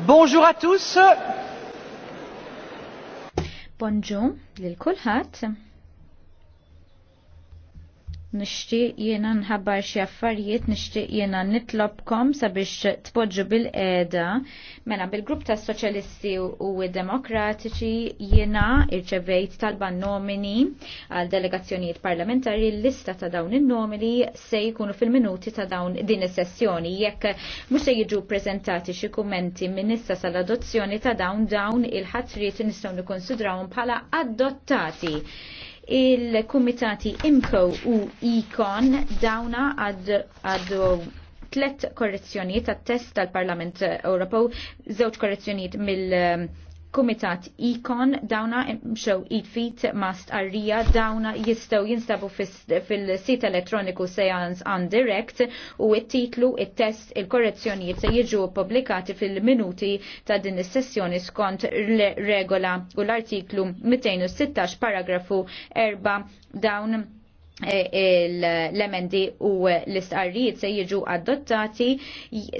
Bonjour à tous. Bonjour lil kulħat nishtiq jiena nħabbar xi affarijiet, nixtieq jiena nitlobkom sabiex tpoġġu bil eda Mela bil-grupp tas soċjalisti u demokratiċi jiena irċevejt talba nomini għal delegazzjonijiet parlamentari l-lista ta' dawn in-nomini se jkunu fil-minuti ta' dawn din is-sessjoni jekk mhux se jiġu prezentati xi kummenti minn issa sal-adozzjoni ta' dawn dawn il-ħatrijiet nistgħu nikkonsidrawhom bħala adottati il-Kumitati IMCO u ICON dawna għad tlet korrezzjonijiet tat-test tal-Parlament Ewropew, żewġ korrezzjonijiet mill- Kumitat Ikon dawna mxew id-fit ma stqarrija dawna jistaw jinstabu fil-sit elektroniku Seance on Direct u it-titlu, it-test, il-korrezzjonijiet se jiġu publikati fil-minuti ta' din is-sessjoni skont regola u l-artiklu 216 paragrafu 4 dawn E, l-emendi u l-istqarrijiet se jiġu adottati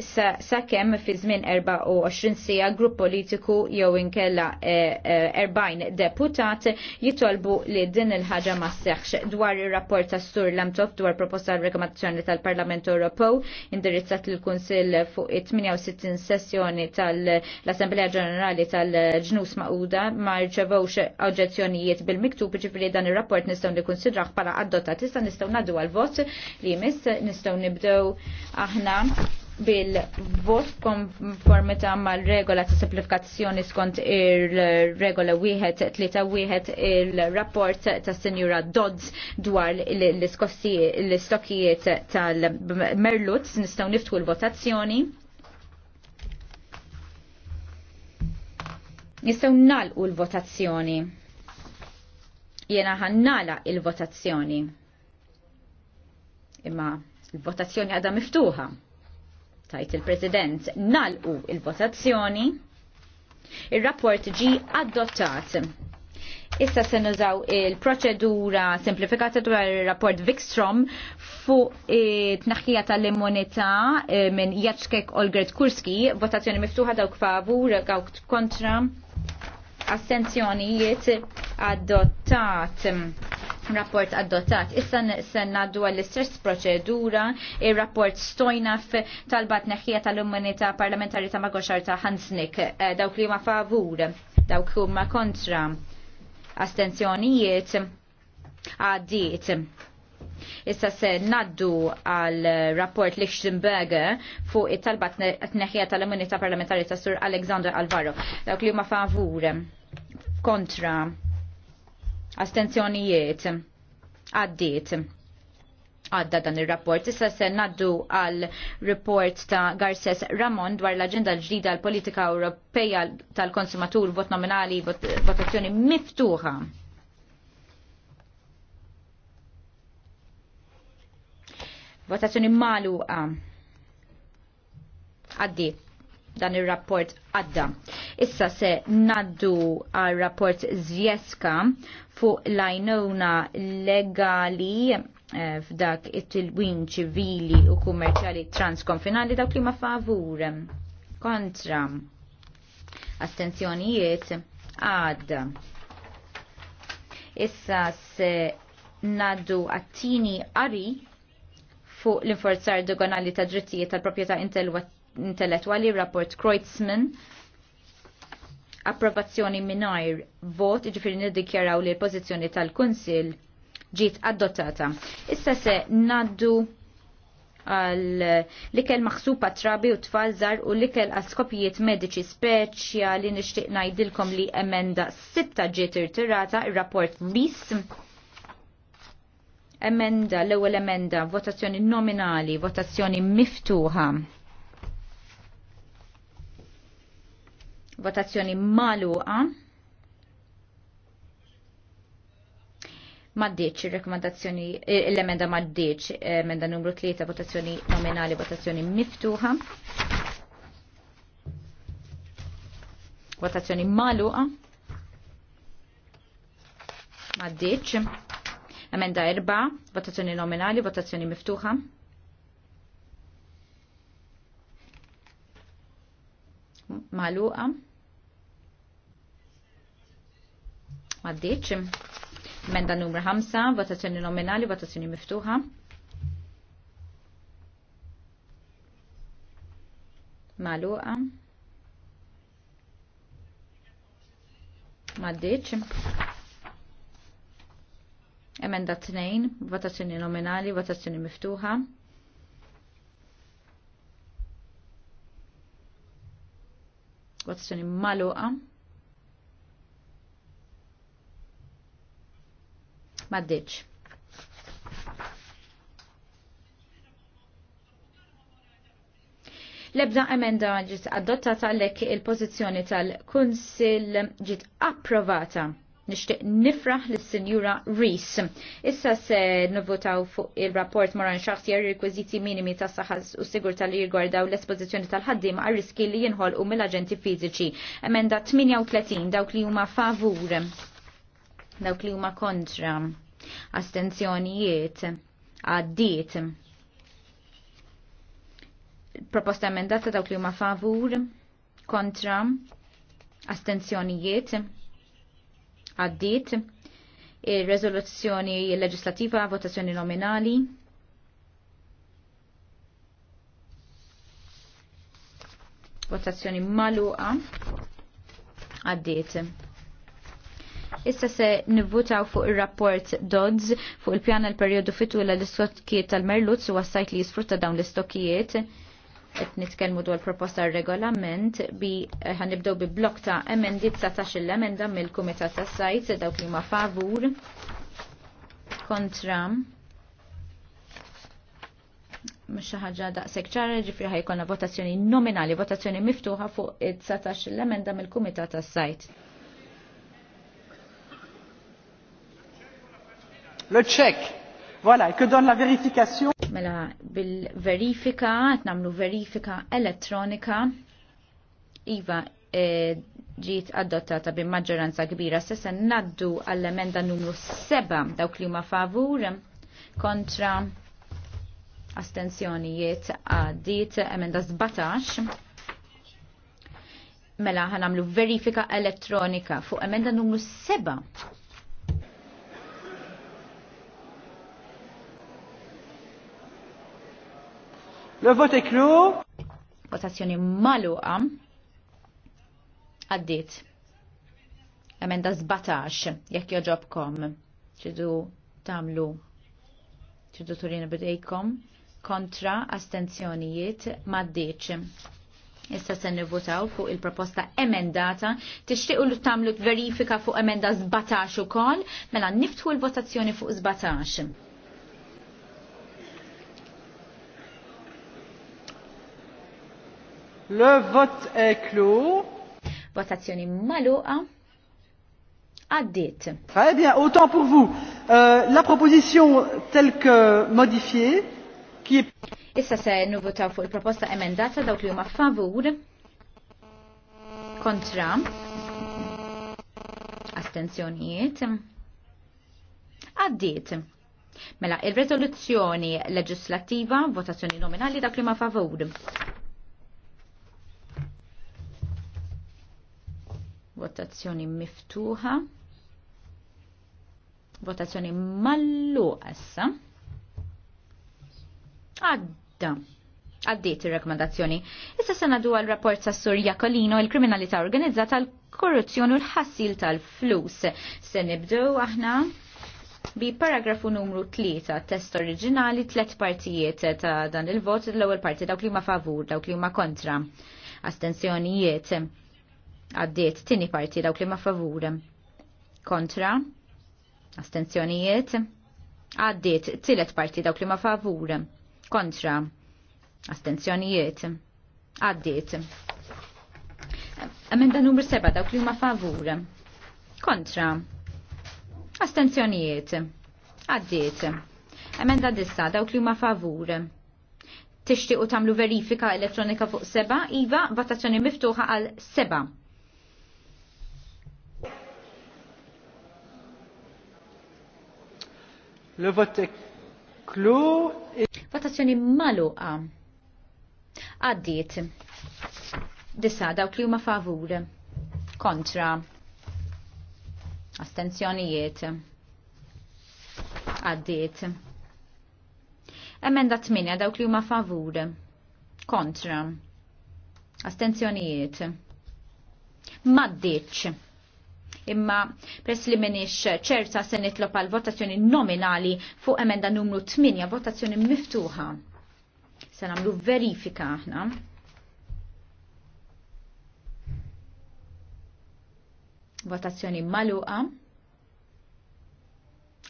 sakemm fi żmien 24 sija grupp politiku jew inkella 40 e, e, deputat jitolbu li din il-ħaġa ma seħx dwar ir-rapport ta' Sur Lamtov dwar proposta rekomendazzjoni tal-Parlament Ewropew indirizzat lil kunsill fuq 68 sessjoni tal-Assemblea Ġenerali tal-Ġnus Mauda ma rċevewx oġġezzjonijiet bil-miktub ġifieri dan ir-rapport nistgħu nikkunsidrah bħala adott adottat. Tista nistgħu naddu għal vot li jmiss nistgħu nibdew aħna bil-vot konformita mal-regola ta' simplifikazzjoni skont ir-regola wieħed tlieta wieħed il-rapport ta' Sinjura Dodds dwar l-istokkijiet tal-Merluz nistgħu niftu l-votazzjoni. Nistgħu u l-votazzjoni. Jena ħannala il-votazzjoni imma il-votazzjoni għadha miftuħa. Tajt il-President nalqu il-votazzjoni. Il-rapport ġi adottat. Issa se nużaw il-proċedura simplifikata dwar il-rapport Vikstrom fuq tnaħħija tal-immunità eh, minn Jaċkek Olgert Kurski, votazzjoni miftuħa dawk favur, dawk kontra, astenzjonijiet adottat rapport adottat. Issa senna dwar l-istress proċedura, il-rapport stojnaf talbat neħija tal-immunità parlamentari ta' Magoxar ta' Hansnik, eh, dawk li ma' favur, dawk li ma' kontra, astenzjonijiet, għaddiet. Issa se naddu għal rapport Lichtenberger fuq it talbat t-neħija tal-immunità parlamentari ta' Sur Alexander Alvaro. Dawk li ma' favur, kontra, Astenzjonijiet. Għaddiet. Għadda dan il-rapport. Issa se naddu għal report ta' Garces Ramon dwar l-agenda l-ġdida l-politika Ewropeja tal-konsumatur vot nominali votazzjoni miftuħa. Votazzjoni maluqa. Għaddi Dan il-rapport għadda. Issa se naddu għal rapport Zjeska fuq lajnuna legali eh, f'dak it-tilwin ċivili u kummerċali transkonfinali dawk li ma favur kontra astenzjonijiet għad. Issa se naddu għattini qari fuq l-inforzar doganali ta' drittijiet tal-proprjetà intellettwali rapport Kreutzmann approvazzjoni minajr vot, ġifiri niddikjaraw li l-pozizjoni tal-Kunsil ġiet adottata. Issa se naddu għal l-ikel maħsupa trabi u tfalżar u l-ikel għaskopijiet mediċi speċja li nishtiq najdilkom li emenda sitta ġiet irtirata il-rapport bis. emenda l-ewel emenda votazzjoni nominali, votazzjoni miftuħa. Votazzjoni maluqa. il rekomendazzjoni, eh, l-emenda maddeċ eh, emenda numru 3, votazzjoni nominali, votazzjoni miftuħa. Votazzjoni maluqa. maddeċ Emenda erba, votazzjoni nominali, votazzjoni miftuħa. Maluqa. Maddiċ. Menda numru 5, votazzjoni nominali, votazzjoni miftuħa. Maluqa. Maddiċ. Emenda 2, votazzjoni nominali, votazzjoni miftuħa. Votazzjoni maluqa. maddiċ. Lebda emenda ġiet adottata lekk il-pożizzjoni tal-Kunsil ġiet approvata. Nixtieq nifraħ lis sinjura Rees. Issa se nivvotaw fuq il-rapport Moran Xaħtier rekwiziti minimi tas saħħas u sigurtà li daw l-espożizzjoni tal-ħaddim għal riski li jinħolqu mill-aġenti fiżiċi. Emenda 38 dawk li huma favur dawk li huma kontra astenzjonijiet għaddiet proposta emendata dawk li huma favur kontra astenzjonijiet għaddiet ir-rezoluzzjoni leġislativa votazzjoni nominali votazzjoni maluqa għaddiet Issa se nivvutaw fuq ir-rapport Dodds fuq il-pjan għal-perjodu fitu l-istokkijiet tal-Merluz u għassajt li jisfrutta dawn l-istokkijiet. Et nitkellmu dwar proposta regolament bi eh, ħanibdew bi blok ta' emendi 19 l-emenda mill-Kumitat tas-Sajt dawk li ma favur kontra mux ħaġa da' ċara ġifri ħajkonna votazzjoni nominali, votazzjoni miftuħa fuq 19 l-emenda mill-Kumitat tas-Sajt. le check. Voilà, que donne la vérification. Mela, bil-verifika, namlu verifika elettronika, Iva, eh, ġiet adottata bi maġġoranza kbira sessa naddu għall-emenda numru 7 dawk li huma favur kontra astensjonijiet għaddit emenda 17 mela ħanamlu verifika elettronika fuq emenda numru 7 Le vote est Votazzjoni maluqa. Għaddit. Emenda zbatax jekk joġobkom. Ċidu tamlu. Ċidu turina bidejkom. Kontra astenzjonijiet maddiċ. Issa se nivvotaw fuq il-proposta emendata. Tixtiequ li tagħmlu verifika fuq emenda 17 ukoll, mela niftħu l-votazzjoni fuq żbatax. Le vot e clos. Votazzjoni maluqa. Addit. Très bien, autant pour vous. Euh, la proposition telle que modifiée, qui est... Issa se votaw fuq il-proposta emendata dawk li huma favur kontra astenzjonijiet għaddiet. Mela, il-rezoluzzjoni leġislattiva, votazzjoni nominali dak li ma favur. Votazzjoni miftuħa. Votazzjoni mallu essa. Għadda. Għaddit il-rekomendazzjoni. Issa sena du għal-rapport sa' Sur Jakolino il-kriminalità organizzata l-korruzzjoni u l-ħassil tal-flus. Se nibdew aħna bi paragrafu numru 3 test oriġinali tlet partijiet ta' dan il-vot l-ewwel parti dawk li ma favur, dawk li ma kontra. Astenzjonijiet Għaddiet tini parti dawk li ma favur. Kontra. Astenzjonijiet. Għaddiet tillet parti dawk li ma favur. Kontra. Astenzjonijiet. Għaddiet. Emenda numru 7 dawk li ma favur. Kontra. Astenzjonijiet. Għaddiet. Emenda dissa dawk li ma favur tixtiqu tamlu verifika elettronika fuq seba, iva votazzjoni miftuħa għal seba. Le vote clos. Votazzjoni maluqa. Għaddiet. Disa dawk li huma favur. Kontra. Astenzjonijiet. Għaddiet. Emenda tminja, dawk li huma favur. Kontra. Astenzjonijiet. Maddiċ imma press li minix ċerta se nitlob għal votazzjoni nominali fuq emenda numru 8, votazzjoni miftuħa. Se nagħmlu verifika aħna. Votazzjoni maluqa.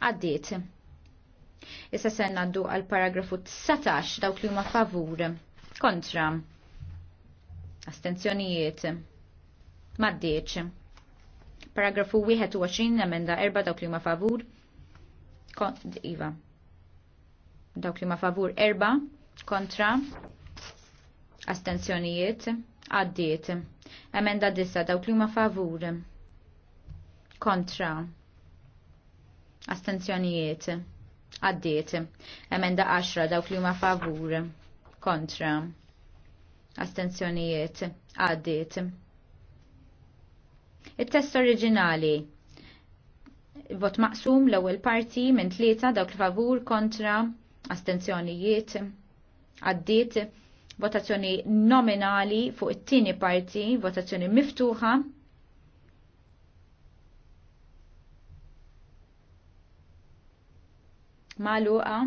Għaddiet. Issa se naddu għal paragrafu 19 dawk li huma favur. Kontra. Astenzjonijiet. Maddeċ. Paragrafu 21, emenda 4, dawk li ma favur. iva. Dawk li ma favur 4, kontra. Astenzjonijiet, għaddiet. Emenda 9, dawk li ma favur. Kontra. Astenzjonijiet, għaddiet. Emenda 10, dawk li ma favur. Kontra. Astenzjonijiet, għaddiet Il-test oriġinali. Vot maqsum l-ewwel parti minn tlieta dawk favur kontra astenzjonijiet għaddiet votazzjoni nominali fuq it-tieni parti, votazzjoni miftuħa. Maluqa.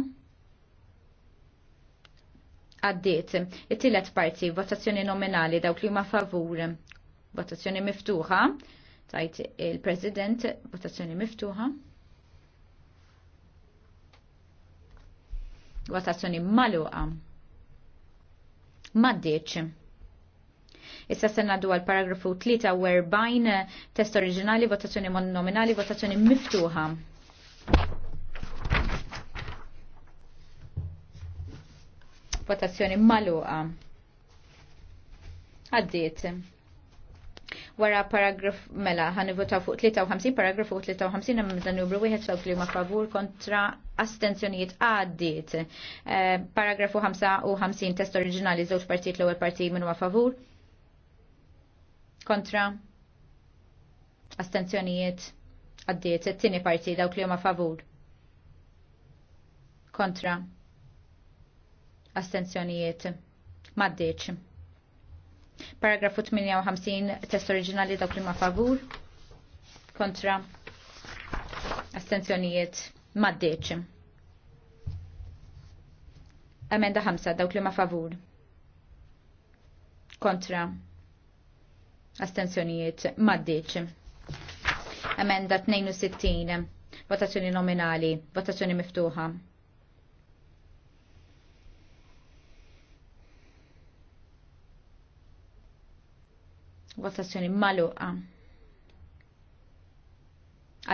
Għaddiet. It-tielet parti, votazzjoni nominali dawk li ma favur Votazzjoni miftuħa. Tajt il-President, votazzjoni miftuħa. Votazzjoni maluqa. Maddiċ. Issa senna għaddu għal paragrafu 43 test oriġinali, votazzjoni nominali, votazzjoni miftuħa. Votazzjoni maluqa. Għaddiet wara paragraf mela vota fuq 53 paragrafu 53 hemm dan numru wieħed flok li huma favur kontra astenzjonijiet għaddiet. Eh, paragrafu 55 test oriġinali żewġ partijiet l-ewwel partij minn huma favur kontra astenzjonijiet għaddiet. It-tieni parti dawk li huma favur kontra astenzjonijiet maddiċ. Paragrafu 58, test oriġinali dawk li ma favur, kontra astenzjonijiet maddeċ. Amenda 5, dawk li ma favur, kontra astenzjonijiet maddeċ. Amenda 62, votazzjoni nominali, votazzjoni miftuħa. Votazzjoni maluqa.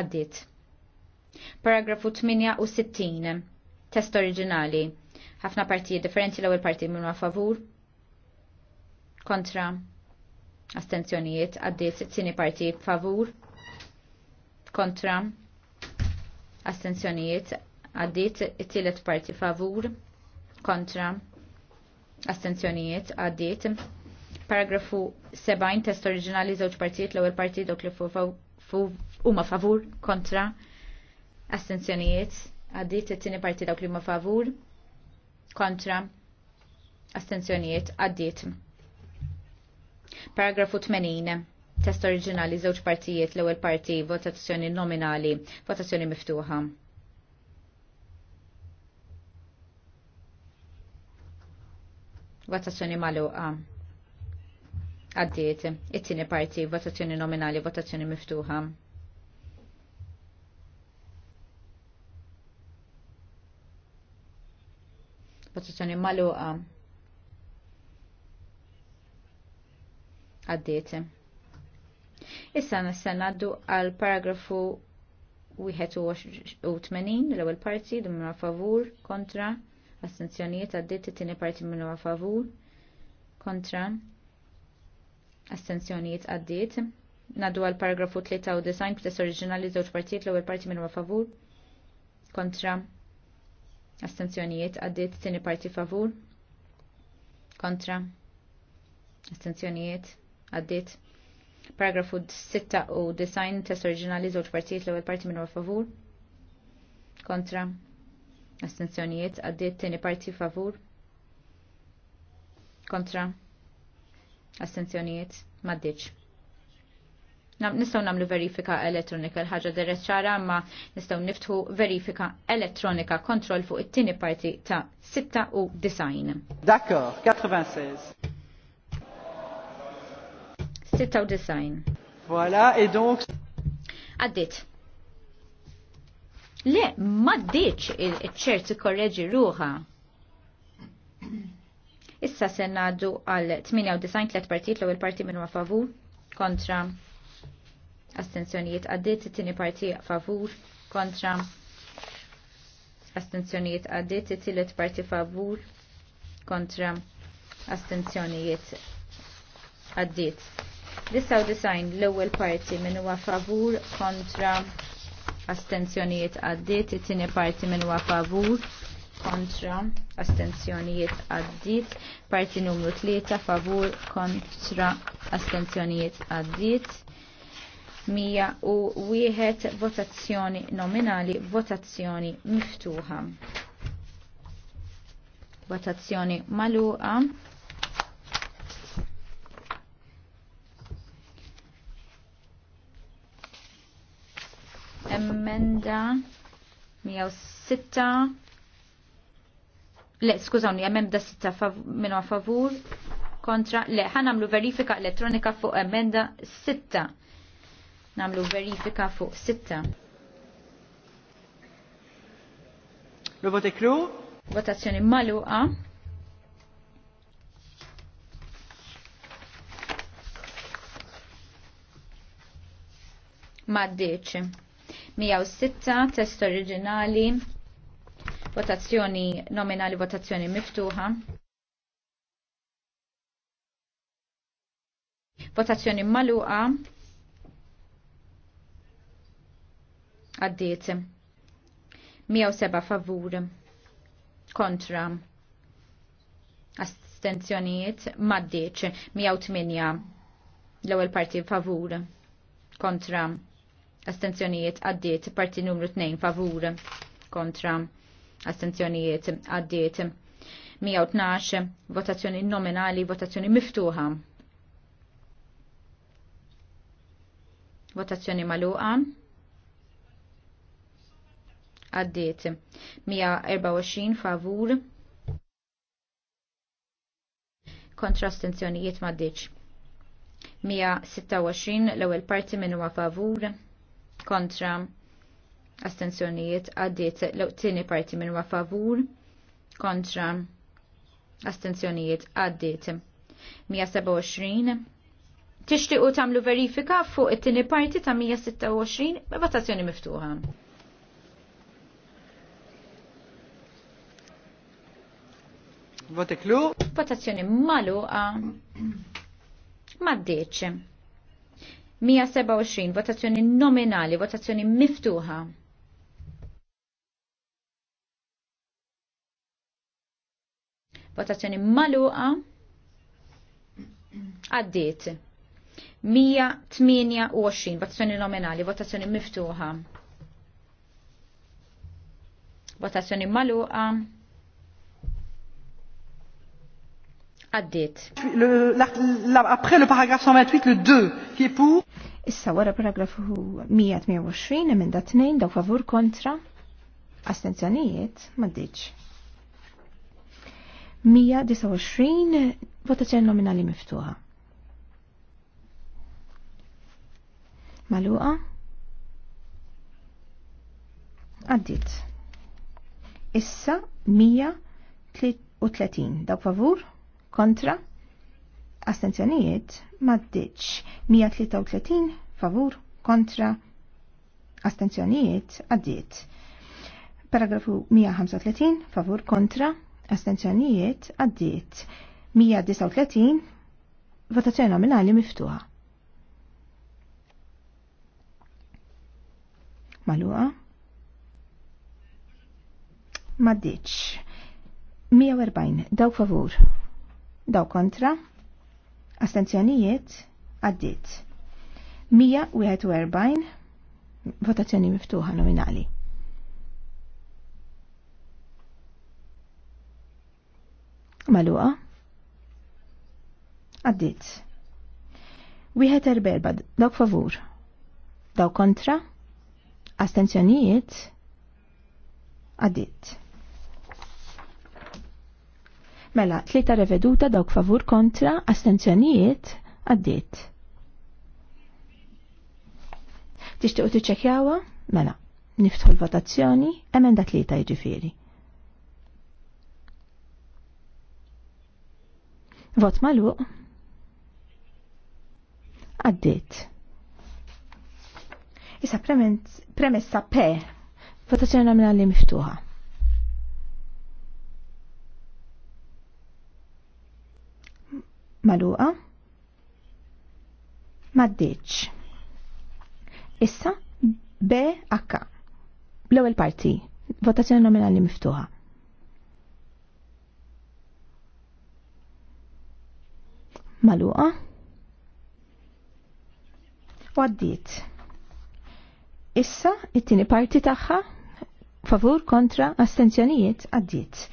Għaddit. Paragrafu 68. Test oriġinali. Ħafna partijiet differenti l-ewwel parti minnu favur. Kontra. Astenzjonijiet. Għaddit. Tieni parti favur. Kontra. Astenzjonijiet. Għaddit. It-tielet parti favur. Kontra. Astenzjonijiet. Għaddit Paragrafu 7 test oriġinali żewġ partijiet l-ewwel partit dok li huma favur kontra astenzjonijiet għaddit it-tieni partit dawk li huma favur kontra astenzjonijiet għaddit. Paragrafu 80 test oriġinali żewġ partijiet l-ewwel parti votazzjoni nominali, votazzjoni miftuħa. Votazzjoni magħluqa. Għaddiet, it-tieni parti, votazzjoni nominali, votazzjoni miftuħa. Votazzjoni maluqa. Għaddiet. Issa nista' ngħaddu għal paragrafu 81 l-ewwel parti minn favur kontra astenzjonijiet għaddiet it-tieni parti minn favur kontra astenzjonijiet għaddit. Naddu għal paragrafu 93 b'test oriġinali żewġ partijiet l-ewwel parti minnu favur kontra astenzjonijiet għaddiet tieni parti favur kontra astenzjonijiet għaddit Paragrafu 6 u design test oriġinali żewġ partijiet l-ewwel parti minnu favur kontra astenzjonijiet għaddiet tieni parti favur kontra Astenzjonijiet? Maddiċ. Nistaw namlu verifika elettronika l-ħagġa deret ċara ma nistaw niftħu verifika elettronika kontrol fuq it-tini parti ta' 6 u 9. D'accord, 96. 6 u 9. Voilà, et donc... Għaddit. Le, maddiċ il-ċerti korreġi ruħa. Issa se għal 98 tliet partit l-ewwel parti minnu favur kontra astenzjonijiet għaddit, it-tieni parti favur kontra astenzjonijiet għaddiet, it-tielet parti favur kontra astenzjonijiet għaddit. Dissaw design l-ewwel parti minn huwa favur kontra astenzjonijiet għaddit, it-tieni parti minn huwa favur kontra astenzjonijiet għaddit, parti numru 3 favur kontra astenzjonijiet għaddit, Mija u wieħed votazzjoni nominali, votazzjoni miftuħa. Votazzjoni maluqa. Emenda 106 Le, skużawni, għamem da sitta minu favur kontra. Le, ħanamlu verifika elettronika fuq emenda sitta. Namlu verifika fuq sitta. Le vote clos. Votazzjoni maluqa. Mijaw 106 test oriġinali votazzjoni nominali, votazzjoni miftuħa. Votazzjoni maluqa. Għaddiet. 107 favur. Kontra. Astenzjonijiet. Maddiċ. 108. L-ewel parti favur. Kontra. Astenzjonijiet. Għaddiet. Parti numru 2 favur. Kontra astenzjonijiet għaddiet 112 votazzjoni nominali, votazzjoni miftuħa. Votazzjoni maluqa. Għaddiet 124 favur kontra astenzjonijiet maddiċ. 126 l-ewwel parti minn huwa favur kontra astenzjonijiet għaddiet l-tini parti minn favur kontra astenzjonijiet għaddiet 127 u tamlu verifika fuq it-tini parti ta' 126 votazzjoni miftuħa. Voteklu. Votazzjoni maluqa. Maddeċ. 127 votazzjoni nominali, votazzjoni miftuħa. Votazzjoni maluqa. Għaddiet. 128 votazzjoni nominali, votazzjoni miftuħa. Votazzjoni maluqa. Għaddiet. Après le paragraf 128, le 2, qui est pour? Issa wara paragrafu 128 emenda 2 daw favur kontra astenzjonijiet ma' diċ. 129 votazzjoni nominali miftuħa. Maluqa? Għaddit. Issa 133 daw favur kontra astenzjonijiet maddiċ 133 favur kontra astenzjonijiet għaddiet. Paragrafu 135 favur kontra astenzjonijiet għaddiet 139 votazzjoni nominali miftuħa. Maluqa. Maddiċ. 140 daw favur. Daw kontra. Astenzjonijiet għaddiet. 141 votazzjoni miftuħa nominali. Maluqa. Għaddit. Wieħed erbelba, dawk favur. Daw kontra. Astenzjonijiet. Għaddit. Mela, tlieta reveduta dawk favur kontra, astenzjonijiet. Għaddit. Tixtiqu tiċċekjawa? Mela, niftħu l-votazzjoni, emenda tlieta jiġifieri. Vot maluq. Għaddit. Issa premessa P. Votazzjoni nominali miftuħa. Maluqa. Maddiċ. Issa H. L-ewwel parti. Votazzjoni nominali miftuħa. maluqa u għaddiet. Issa, it-tini parti tagħha favur kontra astenzjonijiet għaddit.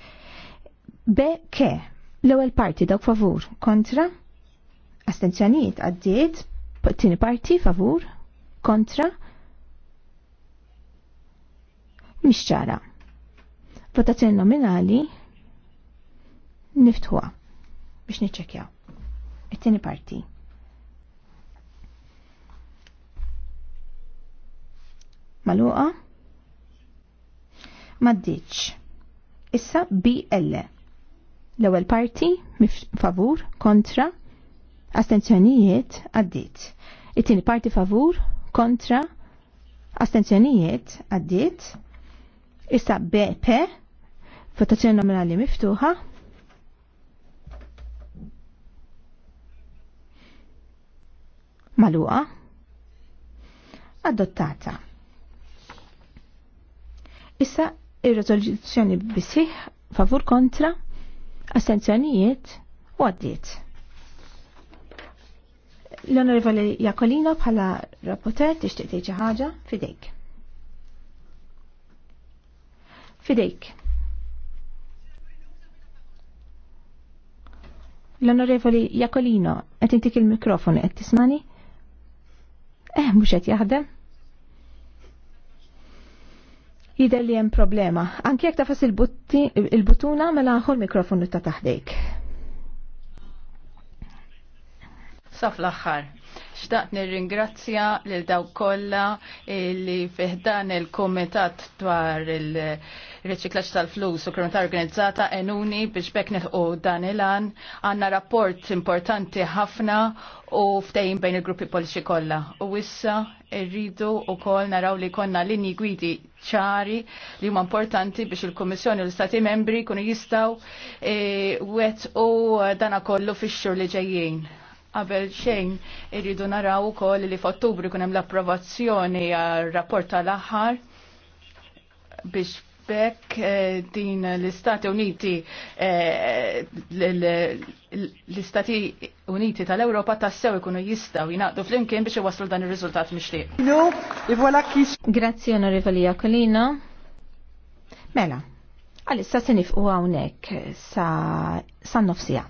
B ke l-ewwel parti dawk favur kontra astenzjonijiet it tini parti favur kontra mhix Votazzjoni nominali niftħuha biex niċċekjaw tini tieni parti. Maluqa? Maddiċ. Issa BL. L-ewwel parti favur kontra astenzjonijiet għaddiet. It-tieni parti favur kontra astenzjonijiet għaddiet. Issa BP votazzjoni nominali miftuħa Maluqa. Adottata. Issa ir-rezoluzzjoni bisih favur kontra astenzjonijiet u għaddiet. L-Onorevoli Jakolino bħala rapporter tixtieq tgħid xi ħaġa fidejk. Fidejk. L-Onorevoli Jakolino, qed intik il mikrofon qed tismani? Eh, mhux qed jaħdem. Jidher li hemm problema. Anke jekk tafas il-buttuna mela ħol mikrofonu ta' taħdejk. Saf l aħħar Xtaqt nirringrazzja lil daw kollha li fiħdan il-Kumitat dwar il reċiklaċ tal-flus u kriminalità organizzata enuni biex beknet u dan il-an għandna rapport importanti ħafna u ftejn bejn il-gruppi politiċi kollha. U issa irridu u kol naraw li konna linji gwidi ċari li huma importanti biex il-Kommissjoni u l-Stati membri kunu jistaw e, wet u dana kollu fix-xhur li ġejjin. Qabel xejn irridu naraw ukoll li f'Ottubru kun hemm l-approvazzjoni għar-rapport tal-aħħar biex bekk eh, din l-Istati Uniti eh, l-Istati Uniti tal-Ewropa tassew ikunu jistaw jinaqdu flimkien biex iwasslu dan ir-riżultat mixtieq. E Grazzi onorevoli Jakolino. Mela, għal se nifqu hawnhekk sa sa nofsija.